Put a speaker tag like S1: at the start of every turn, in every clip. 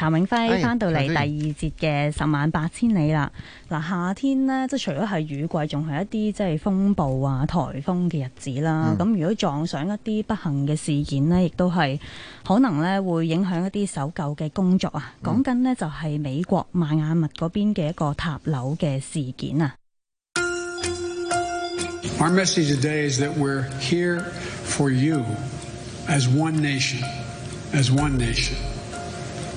S1: 譚永輝翻到嚟第二節嘅十萬八千里啦。嗱，夏天呢，即係除咗係雨季，仲係一啲即係風暴啊、颱風嘅日子啦。咁、嗯、如果撞上一啲不幸嘅事件呢，亦都係可能呢會影響一啲搜救嘅工作啊。講緊呢，就係美國邁阿密嗰邊嘅一個塌樓嘅事件啊。Our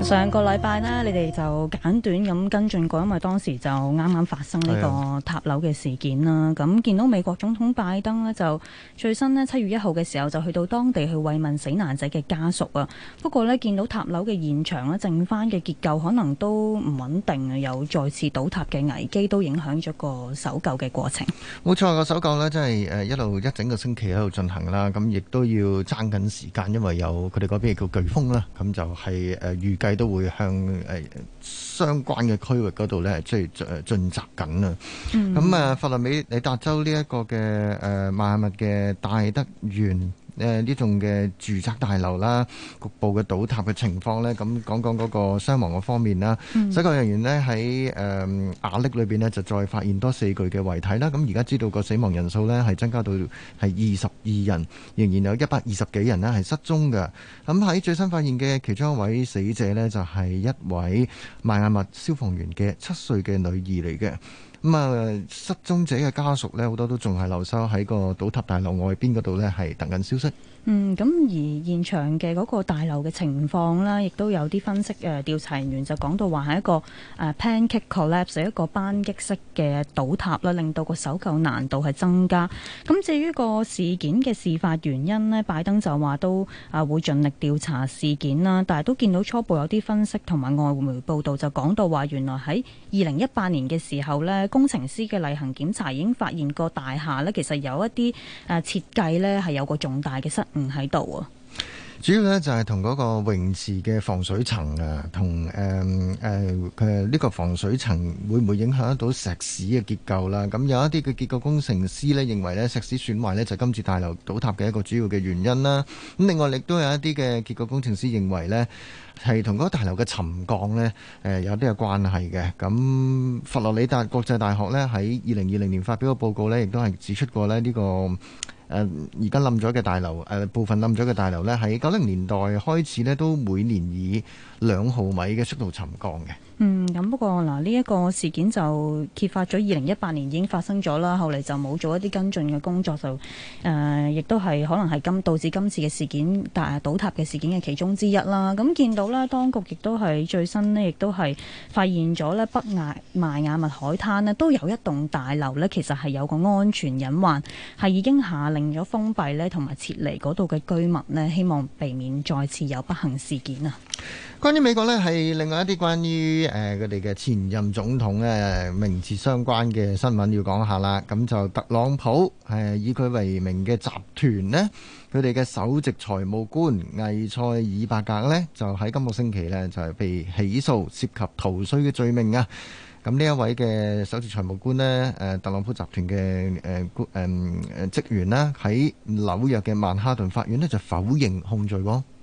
S1: 上個禮拜呢，你哋就簡短咁跟進過，因為當時就啱啱發生呢個塔樓嘅事件啦。咁的見到美國總統拜登呢，就最新呢七月一號嘅時候就去到當地去慰問死難者嘅家屬啊。不過呢，見到塔樓嘅現場呢，剩翻嘅結構可能都唔穩定，有再次倒塌嘅危機，都影響咗個搜救嘅過程。
S2: 冇錯，個搜救呢，真係一路一整個星期喺度進行啦。咁亦都要爭緊時間，因為有佢哋嗰邊叫颶風啦，咁就係誒預計。都會向誒相關嘅區域嗰度咧，即係進進襲緊啦。嗯。咁啊，佛羅里達州呢一個嘅誒萬物嘅大德園。誒呢、呃、種嘅住宅大樓啦，局部嘅倒塌嘅情況呢，咁講講嗰個傷亡嘅方面啦。搜救、嗯、人員呢，喺誒瓦礫裏邊呢，面就再發現多四具嘅遺體啦。咁而家知道個死亡人數呢，係增加到係二十二人，仍然有一百二十幾人呢係失蹤嘅。咁、嗯、喺最新發現嘅其中一位死者呢，就係一位邁阿密消防員嘅七歲嘅女兒嚟嘅。咁啊，失蹤者嘅家屬咧，好多都仲係留守喺個倒塌大樓外邊嗰度咧，係等緊消息。
S1: 嗯，咁而現場嘅嗰個大樓嘅情況啦，亦都有啲分析誒、呃，調查人員就講到話係一個 pancake collapse，一個班戟式嘅倒塌啦，令到個搜救難度係增加。咁、嗯、至於個事件嘅事發原因呢，拜登就話都啊會盡力調查事件啦，但係都見到初步有啲分析同埋外媒報道就講到話，原來喺二零一八年嘅時候呢，工程師嘅例行檢查已經發現個大廈呢，其實有一啲誒設計呢係有個重大嘅失明。唔喺度啊！
S2: 主要呢就係同嗰個泳池嘅防水層啊，同誒誒誒呢個防水層會唔會影響到石屎嘅結構啦？咁有一啲嘅結構工程師呢認為呢石屎損壞呢就係今次大樓倒塌嘅一個主要嘅原因啦。咁另外亦都有一啲嘅結構工程師認為呢係同嗰個大樓嘅沉降呢誒有啲有關係嘅。咁佛羅里達國際大學呢喺二零二零年發表個報告呢，亦都係指出過呢呢個。誒而家冧咗嘅大樓，誒、呃、部分冧咗嘅大樓咧，喺九零年代開始咧，都每年以兩毫米嘅速度沉降嘅。
S1: 嗯，咁不過嗱，呢、這、一個事件就揭發咗二零一八年已經發生咗啦，後嚟就冇做一啲跟進嘅工作，就呃、亦都係可能係今導致今次嘅事件倒塌嘅事件嘅其中之一啦。咁見到呢，當局亦都係最新亦都係發現咗呢北亞邁阿密海灘呢，都有一棟大樓呢，其實係有個安全隱患，係已經下令咗封閉呢，同埋撤離嗰度嘅居民呢，希望避免再次有不幸事件啊。
S2: 關於美國呢，係另外一啲關於。誒，佢哋嘅前任總統咧、啊，名字相關嘅新聞要講下啦。咁就特朗普，誒，以佢為名嘅集團呢，佢哋嘅首席財務官魏塞爾伯格呢，就喺今個星期呢，就係、是、被起訴涉及逃稅嘅罪名啊。咁呢一位嘅首席財務官呢，誒，特朗普集團嘅誒誒誒職員啦，喺紐約嘅曼哈頓法院呢，就否認控罪。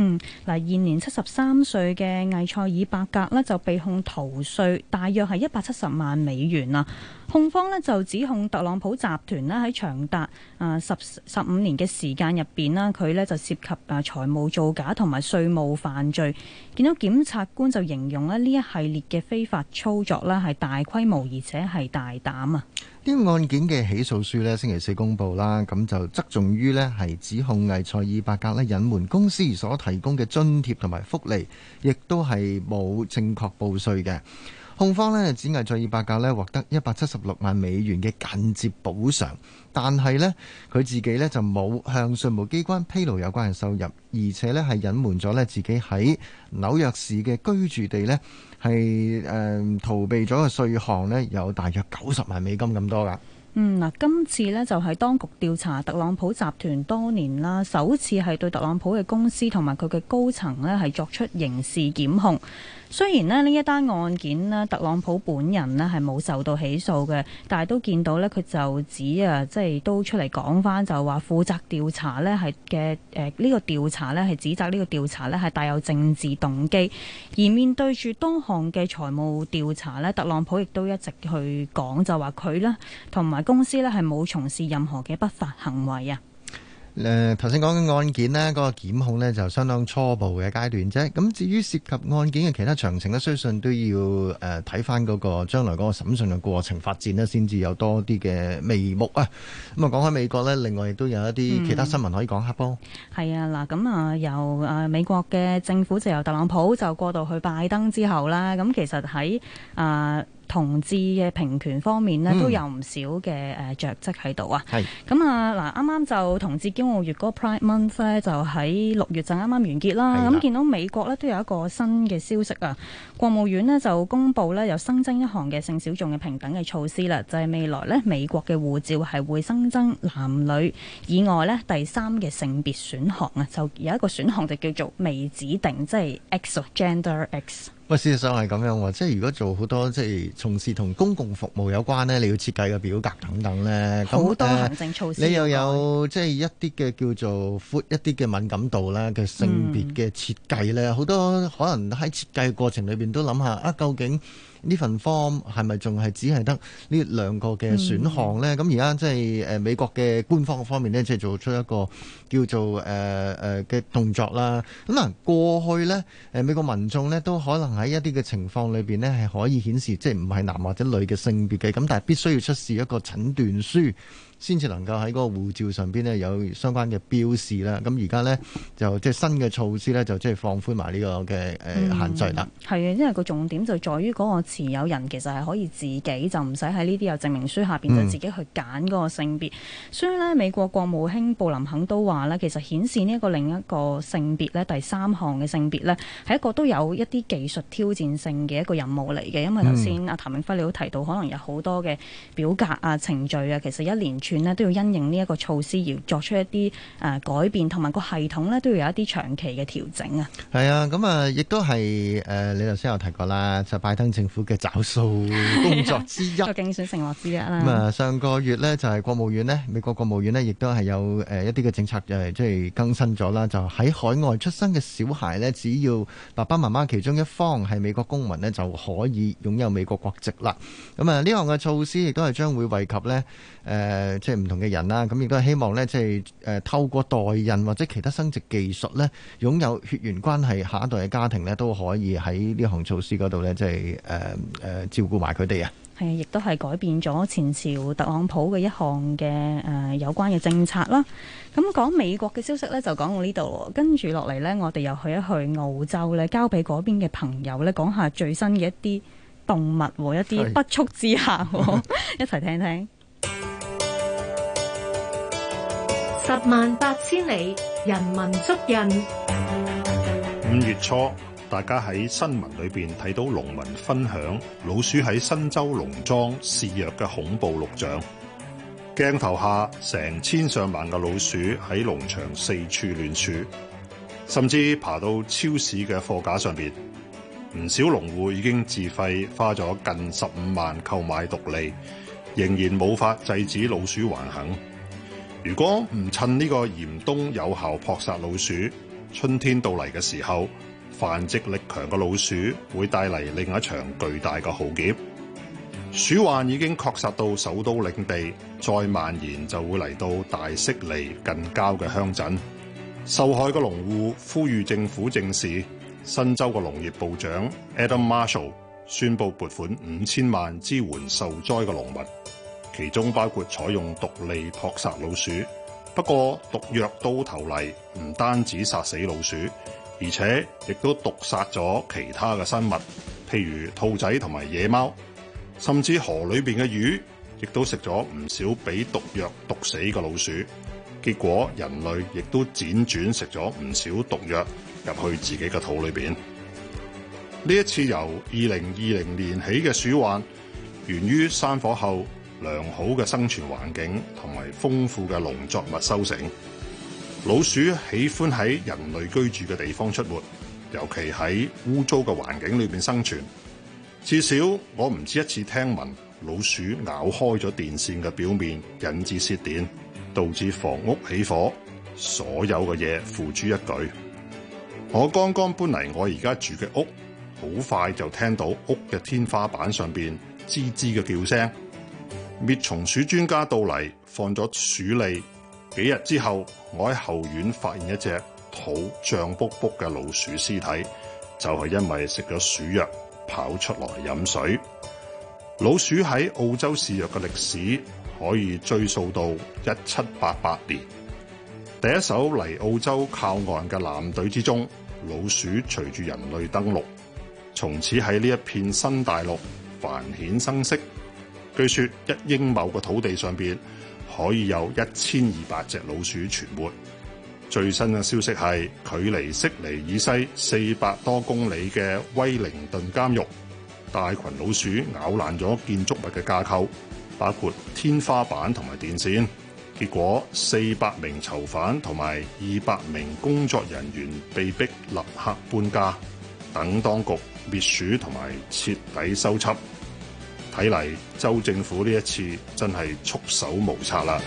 S1: 嗯，嗱，現年七十三歲嘅艾塞爾伯格呢，就被控逃稅，大約係一百七十萬美元啊。控方呢就指控特朗普集團呢喺長達啊十十五年嘅時間入邊啦，佢呢就涉及啊財務造假同埋稅務犯罪。見到檢察官就形容呢，呢一系列嘅非法操作呢係大規模而且係大膽啊！
S2: 呢案件嘅起訴書咧，星期四公布啦，咁就側重於咧係指控魏賽爾伯格咧隱瞞公司所提供嘅津貼同埋福利，亦都係冇正確報稅嘅。控方咧指魏賽爾伯格咧獲得一百七十六萬美元嘅間接補償，但係咧佢自己咧就冇向稅務機關披露有關嘅收入，而且咧係隱瞞咗咧自己喺紐約市嘅居住地咧。係誒、呃、逃避咗個稅項咧，有大約九十萬美金咁多噶。
S1: 嗯，嗱，今次呢，就係當局調查特朗普集團多年啦，首次係對特朗普嘅公司同埋佢嘅高層呢，係作出刑事檢控。雖然呢，呢一單案件呢，特朗普本人呢，係冇受到起訴嘅，但係都見到呢，佢就指啊，即係都出嚟講返，就話負責調查呢，係嘅誒呢個調查呢，係指責呢個調查呢，係帶有政治動機。而面對住多項嘅財務調查呢，特朗普亦都一直去講，就話佢啦，同埋。公司呢係冇從事任何嘅不法行為
S2: 啊！誒頭先講嘅案件呢，嗰、嗰個檢控呢就相當初步嘅階段啫。咁至於涉及案件嘅其他詳情呢，相信都要誒睇翻嗰個將來嗰個審訊嘅過程發展呢，先至有多啲嘅眉目啊！咁、呃、啊，講開美國呢，另外亦都有一啲其他新聞可以講下噃。
S1: 係、嗯、啊，嗱咁啊，由誒、呃、美國嘅政府就由特朗普就過渡去拜登之後啦。咁、呃、其實喺啊～、呃同志嘅平權方面咧、嗯，都有唔少嘅誒著跡喺度啊！咁啊嗱，啱啱就同志驕傲月嗰個 Pride Month 就喺六月就啱啱完結啦。咁的見到美國呢都有一個新嘅消息啊！國務院呢就公布呢有新增一項嘅性小眾嘅平等嘅措施啦，就係、是、未來呢，美國嘅護照係會新增男女以外呢第三嘅性別選項啊！就有一個選項就叫做未指定，即、就、係、是、X gender X。Ex.
S2: 喂，事實上係咁樣喎，即係如果做好多即係從事同公共服務有關呢，你要設計個表格等等咧，咁好多行政措施。你又有即係一啲嘅叫做闊一啲嘅敏感度啦嘅性別嘅設計呢，好、嗯、多可能喺設計的過程裏邊都諗下啊，究竟，呢份 form 係咪仲係只係得呢兩個嘅選項呢？咁而家即係誒美國嘅官方方面咧，即係做出一個叫做誒誒嘅動作啦。咁啊過去呢誒、呃、美國民眾呢都可能喺一啲嘅情況裏邊呢，係可以顯示即係唔係男或者女嘅性別嘅，咁但係必須要出示一個診斷書。先至能夠喺嗰個護照上邊呢，有相關嘅標示啦。咁而家呢，就即係新嘅措施呢，就即係放寬埋呢個嘅誒限制啦。
S1: 係啊、嗯，因為個重點就在於嗰個持有人其實係可以自己就唔使喺呢啲有證明書下邊就自己去揀嗰個性別。嗯、所以呢，美國國務卿布林肯都話呢，其實顯示呢一個另一個性別呢，第三項嘅性別呢，係一個都有一啲技術挑戰性嘅一個任務嚟嘅，因為頭先阿譚永輝你都提到可能有好多嘅表格啊程序啊，其實一連。呢都要因應呢一個措施而作出一啲誒、呃、改變，同埋個系統呢都要有一啲長期嘅調整啊。
S2: 係啊，咁啊，亦都係誒、呃，你頭先有提過啦，就是、拜登政府嘅找數工作
S1: 之一，啊、做競選承諾之一啦。咁啊、嗯，
S2: 上個月呢，就係、是、國務院呢，美國國務院呢，亦都係有誒一啲嘅政策誒，即、就、係、是、更新咗啦。就喺海外出生嘅小孩呢，只要爸爸媽媽其中一方係美國公民呢，就可以擁有美國國籍啦。咁啊，呢項嘅措施亦都係將會惠及呢。誒、呃。即係唔同嘅人啦，咁亦都係希望呢，即係透過代孕或者其他生殖技術呢，擁有血緣關係下一代嘅家庭呢，都可以喺呢項措施嗰度呢，即係誒誒照顧埋佢哋啊。
S1: 係啊，亦都係改變咗前朝特朗普嘅一項嘅誒有關嘅政策啦。咁講美國嘅消息呢，就講到呢度，跟住落嚟呢，我哋又去一去澳洲呢，交俾嗰邊嘅朋友呢，講下最新嘅一啲動物和、喔、的一啲不速之客，一齊聽聽。
S3: 十萬八千里，人文足印。五月初，大家喺新聞裏邊睇到農民分享老鼠喺新州農莊肆虐嘅恐怖錄像。鏡頭下，成千上萬嘅老鼠喺農場四處亂竄，甚至爬到超市嘅貨架上邊。唔少農戶已經自費花咗近十五萬購買毒餌，仍然冇法制止老鼠橫行。如果唔趁呢個嚴冬有效撲殺老鼠，春天到嚟嘅時候，繁殖力強嘅老鼠會帶嚟另一場巨大嘅浩劫。鼠患已經擴散到首都領地，再蔓延就會嚟到大悉尼近郊嘅鄉鎮。受害嘅農戶呼籲政府正視。新州嘅農業部長 Adam Marshall 宣布撥款五千萬支援受災嘅農民。其中包括採用毒藥撲殺老鼠，不過毒藥到頭嚟唔單止殺死老鼠，而且亦都毒殺咗其他嘅生物，譬如兔仔同埋野貓，甚至河裏面嘅魚亦都食咗唔少俾毒藥毒死嘅老鼠。結果人類亦都輾轉食咗唔少毒藥入去自己嘅肚裏面。呢一次由二零二零年起嘅鼠患，源於山火後。良好嘅生存環境同埋豐富嘅農作物收成，老鼠喜歡喺人類居住嘅地方出沒，尤其喺污糟嘅環境裏面生存。至少我唔止一次聽聞老鼠咬開咗電線嘅表面，引致洩電，導致房屋起火，所有嘅嘢付諸一舉。我剛剛搬嚟，我而家住嘅屋，好快就聽到屋嘅天花板上面吱吱嘅叫聲。滅蟲鼠專家到嚟放咗鼠利，幾日之後我喺後院發現一隻肚脹卜卜嘅老鼠屍體，就係、是、因為食咗鼠藥跑出來飲水。老鼠喺澳洲試藥嘅歷史可以追溯到一七八八年。第一艘嚟澳洲靠岸嘅艦隊之中，老鼠隨住人類登陸，從此喺呢一片新大陸繁衍生息。據說一英畝嘅土地上面可以有一千二百隻老鼠存活。最新嘅消息係，距離悉尼以西四百多公里嘅威靈頓監獄，大群老鼠咬爛咗建築物嘅架構，包括天花板同埋電線。結果四百名囚犯同埋二百名工作人員被逼立刻搬家，等當局滅鼠同埋徹底收葺。.睇嚟，州政府呢一次真係束手無策啦！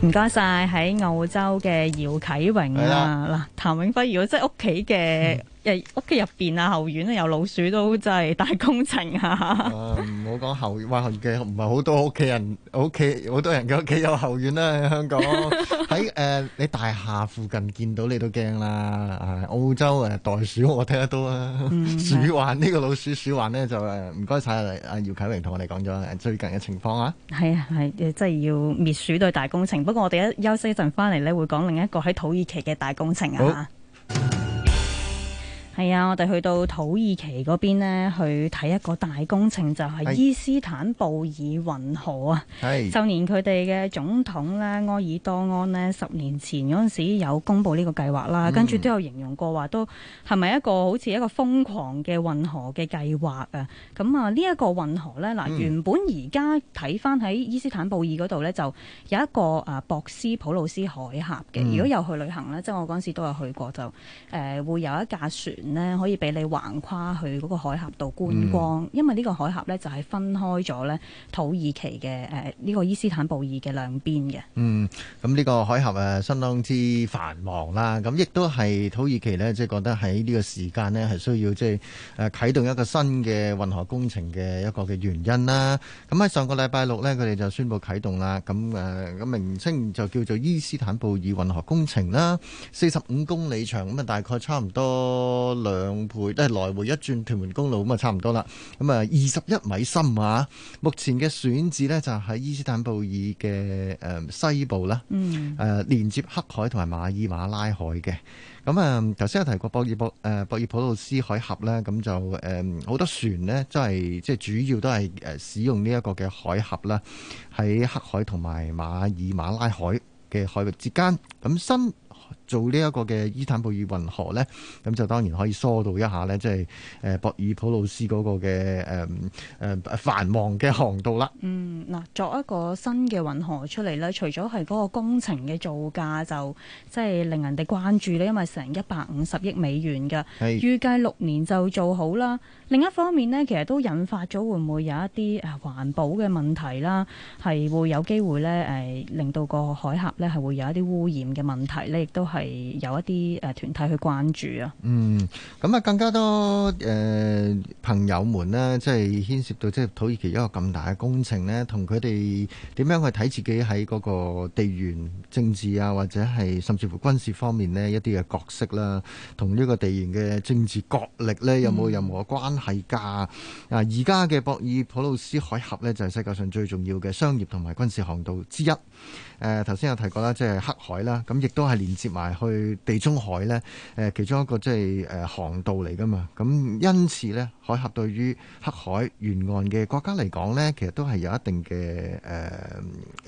S1: 唔該晒，喺澳洲嘅姚啟榮啊，嗱的，譚永輝，如果即係屋企嘅。嗯誒，屋企入邊啊，後院咧有老鼠都真係大工程哈哈啊！
S2: 唔好講後，話後嘅唔係好多屋企人，屋企好多人嘅屋企有後院啦。香港喺誒、 呃，你大廈附近見到你都驚啦。澳洲誒，袋鼠我聽得到啊。嗯、鼠患呢、這個老鼠鼠患呢，就誒，唔該晒阿姚啟榮同我哋講咗最近嘅情況啊。係啊係，
S1: 誒，即係要滅鼠對大工程。不過我哋一休息一陣翻嚟咧，你會講另一個喺土耳其嘅大工程好啊。係啊，我哋去到土耳其嗰邊呢，去睇一個大工程，就係、是、伊斯坦布爾運河啊！就連佢哋嘅總統咧，安爾多安呢，十年前嗰時時有公布呢個計劃啦，跟住、嗯、都有形容過話，都係咪一個好似一個瘋狂嘅運河嘅計劃啊？咁、嗯、啊、呢、這、一個運河呢，嗱原本而家睇翻喺伊斯坦布爾嗰度呢，就有一個啊博斯普魯斯海峽嘅。如果又去旅行呢，嗯、即係我嗰時時都有去過，就誒、呃、會有一架船。咧可以俾你橫跨去嗰個海峽度觀光，嗯、因為呢個海峽呢就係分開咗咧土耳其嘅誒呢個伊斯坦布爾嘅兩邊嘅。嗯，
S2: 咁呢個海峽誒、啊、相當之繁忙啦，咁亦都係土耳其呢，即、就、係、是、覺得喺呢個時間呢，係需要即係誒啟動一個新嘅運河工程嘅一個嘅原因啦。咁喺上個禮拜六呢，佢哋就宣布啟動啦。咁誒，咁、啊、名稱就叫做伊斯坦布爾運河工程啦，四十五公里長，咁啊大概差唔多。兩倍都係來回一轉屯門公路咁啊，差唔多啦。咁啊，二十一米深啊，目前嘅選址咧就喺伊斯坦布爾嘅誒西部啦。嗯。誒，連接黑海同埋馬爾馬拉海嘅。咁啊，頭先有提過博爾博誒博爾普魯斯海峽咧，咁就誒好多船咧，即係即係主要都係誒使用呢一個嘅海峽啦，喺黑海同埋馬爾馬拉海嘅海域之間。咁新做呢一個嘅伊坦布爾運河呢，咁就當然可以疏導一下呢，即係誒博爾普魯斯嗰個嘅誒誒繁忙嘅航道啦。嗯，
S1: 嗱、嗯嗯，作一個新嘅運河出嚟呢，除咗係嗰個工程嘅造價就，就即係令人哋關注呢，因為成一百五十億美元嘅，是預計六年就做好啦。另一方面呢，其實都引發咗會唔會有一啲誒環保嘅問題啦，係會有機會呢，誒令到個海峽呢，係會有一啲污染嘅問題咧。都係有一啲誒團體去關注啊。
S2: 嗯，咁啊更加多誒、呃、朋友們呢，即係牽涉到即係土耳其一個咁大嘅工程咧，同佢哋點樣去睇自己喺嗰個地緣政治啊，或者係甚至乎軍事方面咧一啲嘅角色啦，同呢個地緣嘅政治角力咧有冇任何關係噶啊，而家嘅博爾普魯斯海峽咧就係、是、世界上最重要嘅商業同埋軍事航道之一。誒頭先有提過啦，即係黑海啦，咁亦都係。連接埋去地中海咧，誒其中一個即係誒航道嚟噶嘛，咁因此咧，海峽對於黑海沿岸嘅國家嚟講咧，其實都係有一定嘅誒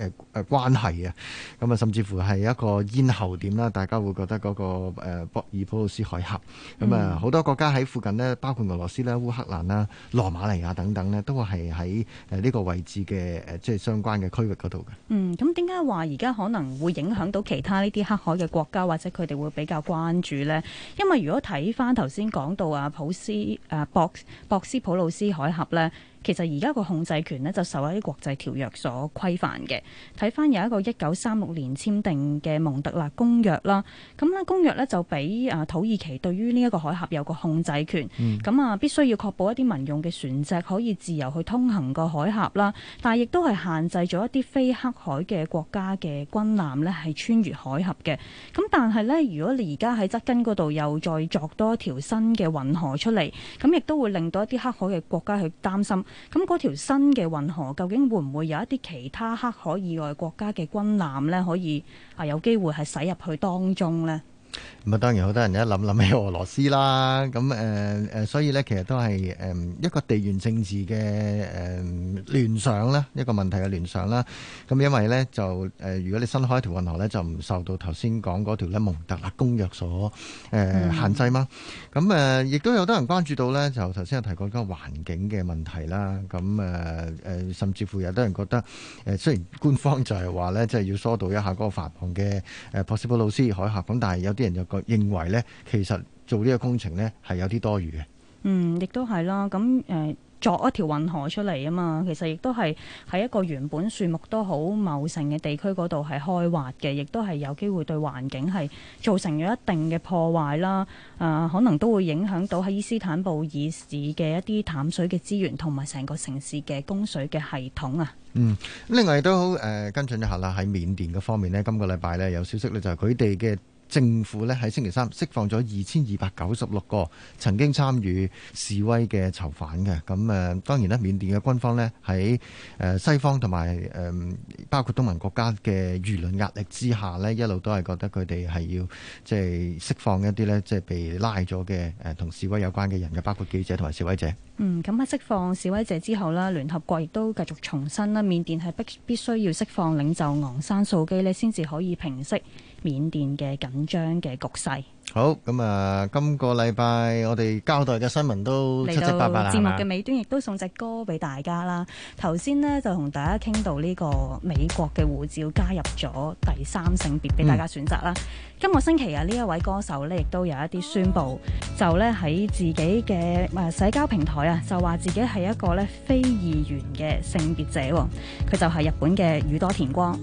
S2: 誒誒關係啊，咁啊，甚至乎係一個咽喉點啦。大家會覺得嗰個誒博爾普魯斯海峽，咁啊、嗯，好多國家喺附近咧，包括俄羅斯啦、烏克蘭啦、羅馬尼亞等等咧，都係喺誒呢個位置嘅誒即係相關嘅區域度嘅。
S1: 嗯，咁點解話而家可能會影響到其他呢啲黑海嘅？國家或者佢哋會比較關注呢，因為如果睇翻頭先講到啊普斯啊博、博斯普魯斯海峽其實而家個控制權呢，就受一啲國際條約所規範嘅。睇翻有一個一九三六年簽訂嘅蒙特勒公約啦，咁呢公約呢，就俾啊土耳其對於呢一個海峽有個控制權。咁啊、嗯、必須要確保一啲民用嘅船隻可以自由去通行個海峽啦。但係亦都係限制咗一啲非黑海嘅國家嘅軍艦呢，係穿越海峽嘅。咁但係呢，如果你而家喺側根嗰度又再作多一條新嘅運河出嚟，咁亦都會令到一啲黑海嘅國家去擔心。咁嗰條新嘅運河，究竟會唔會有一啲其他黑海以外國家嘅軍艦呢？可以啊有機會係駛入去當中呢？
S2: 咁啊，當然好多人一諗諗起俄羅斯啦，咁誒誒，所以咧其實都係誒一個地緣政治嘅誒聯想啦，一個問題嘅聯想啦。咁因為咧就誒，如果你新開一條運河咧，就唔受到頭先講嗰條咧蒙特勒公約所誒限制嘛。咁誒，亦都有多人關注到咧，就頭先有提過嗰個環境嘅問題啦。咁誒誒，甚至乎有啲人覺得誒，雖然官方就係話咧，即係要疏導一下嗰個繁忙嘅誒博斯普魯斯海峽，咁但係有。啲人就覺認為呢，其實做呢個工程呢，係有啲多餘
S1: 嘅。嗯，亦都係啦。咁誒、呃，作一條運河出嚟啊嘛，其實亦都係喺一個原本樹木都好茂盛嘅地區嗰度係開挖嘅，亦都係有機會對環境係造成咗一定嘅破壞啦。誒、呃，可能都會影響到喺伊斯坦布爾市嘅一啲淡水嘅資源同埋成個城市嘅供水嘅系統啊。
S2: 嗯，另外亦都好誒、呃、跟進一下啦。喺緬甸嘅方面呢，今、這個禮拜呢，有消息呢，就係佢哋嘅。政府咧喺星期三釋放咗二千二百九十六個曾經參與示威嘅囚犯嘅，咁誒當然咧，緬甸嘅軍方咧喺誒西方同埋誒包括東盟國家嘅輿論壓力之下咧，一路都係覺得佢哋係要即係釋放一啲咧即係被拉咗嘅誒同示威有關嘅人嘅，包括記者同埋示威者。
S3: 嗯，
S1: 咁喺釋放示威者之後啦，聯合國亦都繼續重申啦，緬甸係必必須要釋放領袖昂山素基咧，先至可以平息緬甸嘅緊張嘅局勢。
S2: 好，咁啊，今個禮拜我哋交代嘅新聞都七七八八啦。嚟到節目嘅尾
S1: 端，亦都送隻歌俾大家啦。頭先呢，就同大家傾到呢個美國嘅護照加入咗第三性別俾大家選擇啦。嗯、今個星期啊，呢一位歌手呢，亦都有一啲宣布，就呢喺自己嘅、啊、社交平台啊，就話自己係一個呢非二元嘅性別者，啊，佢就係日本嘅宇多田光。